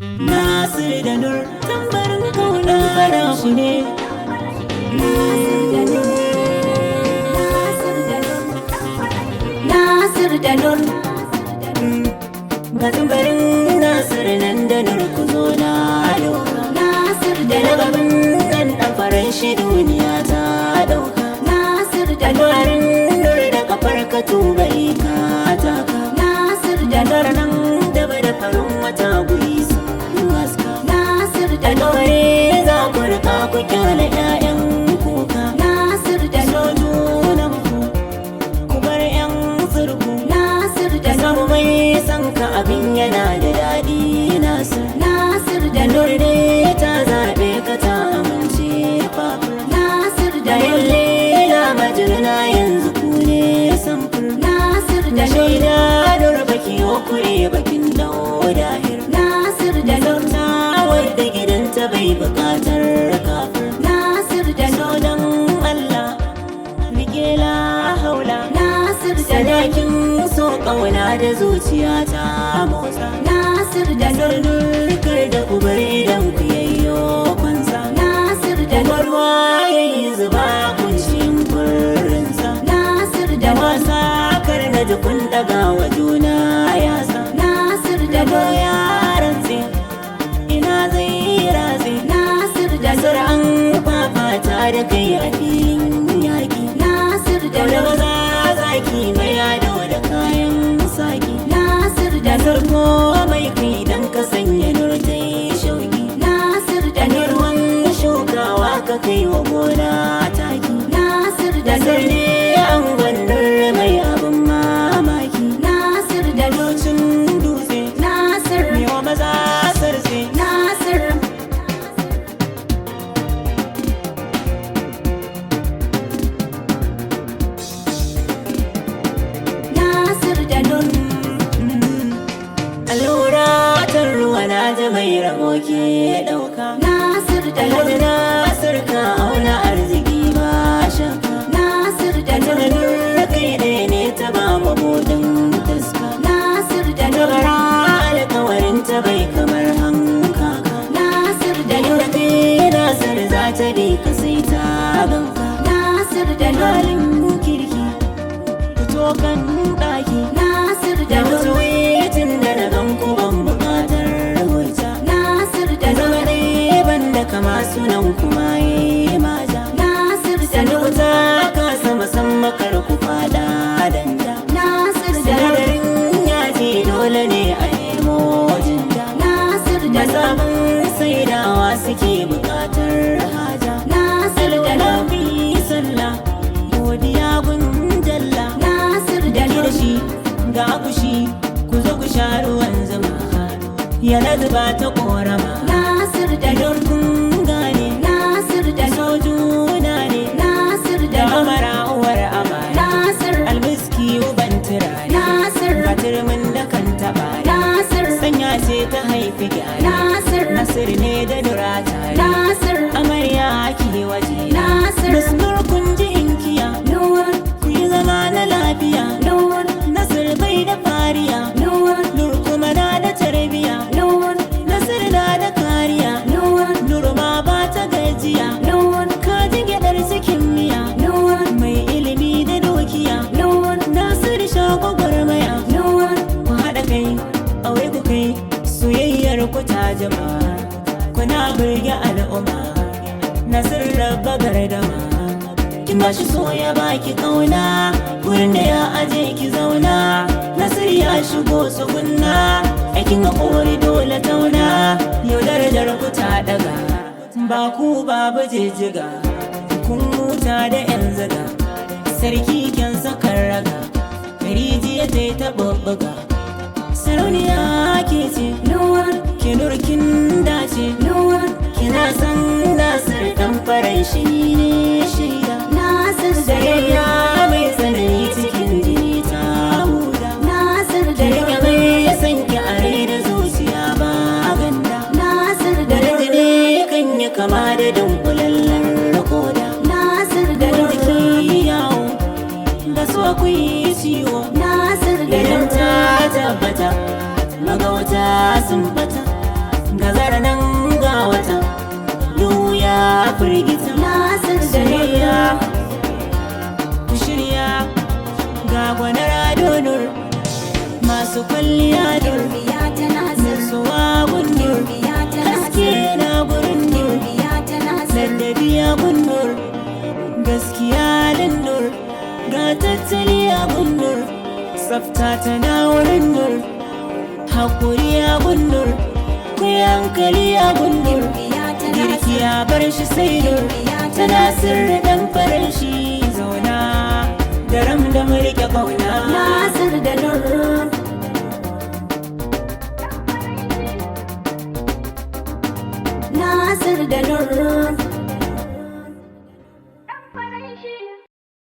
Nasir da Nur tambarin da Nur ga tambarin Nasir nan da Nur ku zo na ado. Nasir da Nur ɗan ɗan faran shi duniya ta ɗauka. Nasir da Nur ku kyale ƴaƴan kuka Nasir da sojunan ku ku bar ƴan surku Nasir da san mai san ka abin yana da daɗi Nasir Nasir da nurde ta zaɓe ka ta amince babu Nasir da yalle na majalina yanzu ku ne samfur Nasir da shaida dur baki okure bakin dauda Nasir da zauna wadda gidanta bai bukata kin so ƙauna da zuciya ta motsa Nasir da lulukar da ubar idan ku yayyo kwanza Nasir da Nurwa yayi zuba kuncin burinsa Nasir da wasa kar na ji kun daga wa juna ya sa. Nasir da doya rantsi ina zai ratsi Nasir da Nasir an fafata da kai a filin yaƙi Nasir da Nurwa zaki mai ka kai wa gona taki nasir da zarne an wannan mai ta dai ka sai ta gauta nasir da halin mu kirki fito kan daki nasir da nasir da zaure ban sunan kuma yi maja nasir da lauta ka sama san makar ku fada danja nasir da larin yaji dole ne a nemo jinja nasir da sabon saidawa suke ya na zuba ta korama nasir da idan ne. nasir da sojuna ne nasir da mamara uwar ama nasir almiski uban turare nasir batir mun da kan taba nasir sanya ce ta haifi gyara nasir nasir ne da dura durata nasir amarya ake waje nasir musmur kun ji inkiya nur ku yi zama na lafiya nur burge al'umma nasir rabba gardama kin ba shi so ba ki kauna gurin da ya aje ki zauna nasir ya shigo tsugunna aikin ga kori dole tauna yau darajar ku ta daga ba ku babu jijjiga kun muta da yan zaga sarki kyan sakar raga barin shi ne shida nasir da yayya mai tsanani cikin jini ta huda nasir da yayya mai san ki a da zuciya ba ganda nasir da rajine kan yi kama da dankulallar na nasir da rajiki yawo da so ku yi ciwo nasir da yanta tabbata magauta sun fata. gwanar adonur masu kwalliya dur nutsuwa gundur haske na gurin nur ladabi a gundur gaskiya lannur ga tattali a gundur tsafta tana wurin nur haƙuri a gundur kai hankali a gundur girki a bar shi sai nur tana sirri ɗan farin shi garam da mulke kauna nasir da nurun